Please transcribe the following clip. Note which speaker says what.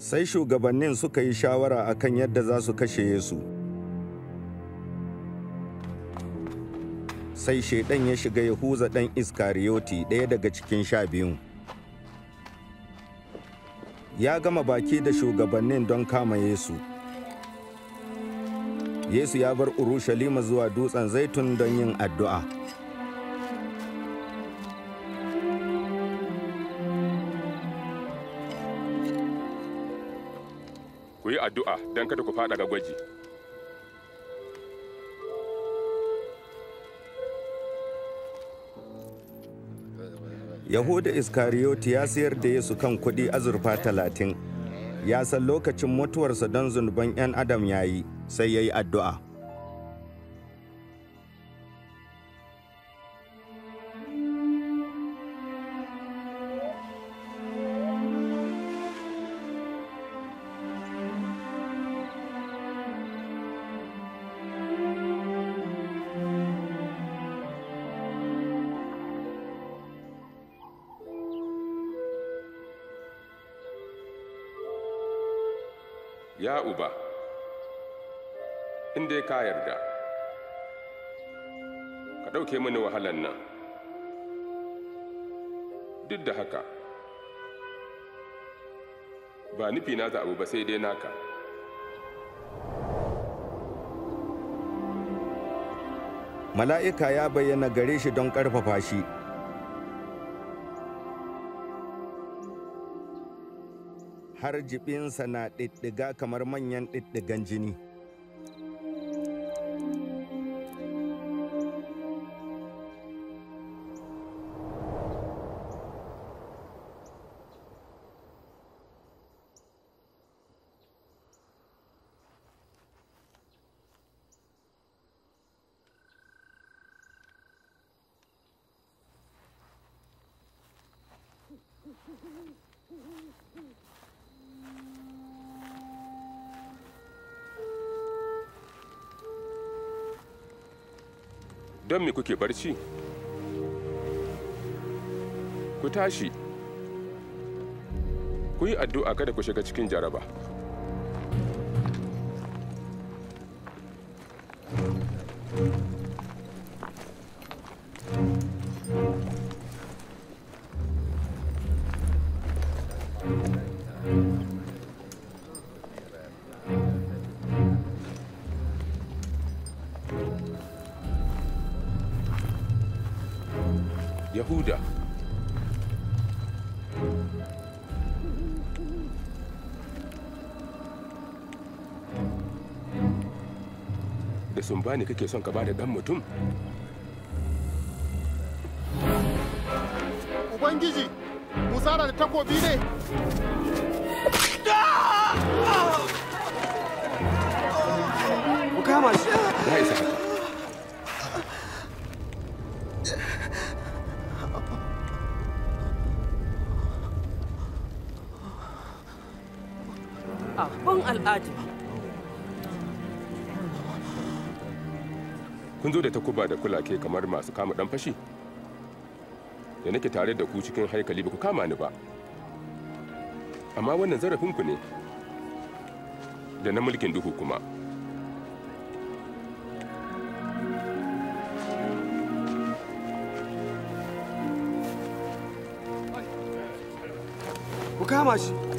Speaker 1: sai shugabannin suka yi shawara akan yadda za su kashe Yesu. Sai shaidan ya shiga Yahuza ɗan Iskariyoti ɗaya daga cikin sha biyun. Ya gama baki da shugabannin don kama Yesu. Yesu ya bar Urushalima zuwa dutsen zaitun don yin addu'a.
Speaker 2: ku yi addu'a don kada ku fada ga gwaji
Speaker 1: yahuda iskariyoti ya sayar da yesu kan kudi azurfa talatin ya san lokacin mutuwarsa don zunuban 'yan adam ya yi sai ya yi addu'a
Speaker 2: ya uba in inda ka yarda ka ɗauke mini wahalan nan duk da haka ba nufi na za abu ba sai dai naka
Speaker 1: mala'ika ya bayyana gare shi don ƙarfafa shi har jibinsa na ɗiɗɗiga kamar manyan ɗiɗɗigan jini.
Speaker 2: Mm-hmm. don me kuke barci ku tashi ku yi addu'a kada ku shiga cikin jaraba yahuda da sumbani kake son ka ba da ɗan mutum ubangiji musara da takobi ne ku kama shi
Speaker 1: Abin al'adu.
Speaker 2: Kun zo da takuba da kulake kamar masu kama ɗan fashi? Da nake tare da ku cikin haikali ba ku kama ni ba. Amma wannan zarafinku ne. Da na mulkin duhu kuma.
Speaker 1: Ku kama shi.